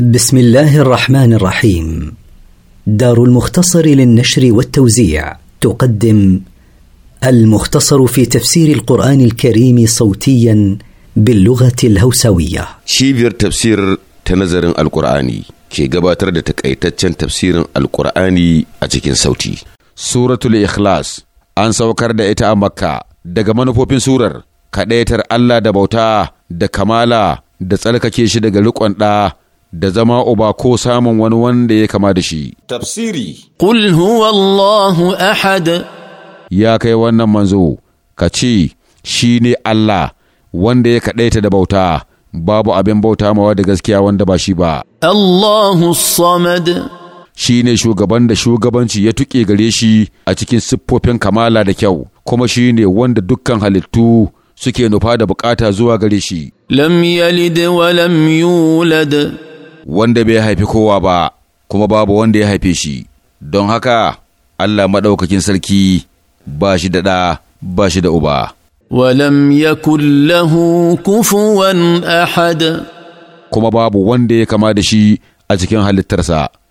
بسم الله الرحمن الرحيم دار المختصر للنشر والتوزيع تقدم المختصر في تفسير القرآن الكريم صوتيا باللغة الهوسوية شيفير تفسير تنظر القرآني كي قباتر تفسير القرآني أتكين صوتي سورة الإخلاص أن سوكر da ita a makka daga manufofin surar الله Allah da bauta da kamala da tsarkake shi daga da zama uba ko samun wani wanda ya kama da shi. Tafsiri kul huwa Allahu ahad Ya kai wannan manzo, ka ce, shi ne Allah wanda ya kaɗaita da bauta, babu abin bauta mawa da gaskiya wanda ba shi ba. Allahu samad Shi ne shugaban da shugabanci ya tuƙe gare shi a cikin siffofin kamala da kyau, kuma shi ne wanda dukkan halittu suke nufa da bukata zuwa gare shi. Lam yalid wa lam yulad wanda bai haifi kowa ba kuma babu wanda ya haife shi don haka Allah maɗaukakin sarki ba shi da ɗa ba shi da uba. Walam ya kullahu kufuwan ahad. Kuma babu wanda ya kama da shi a cikin halittarsa.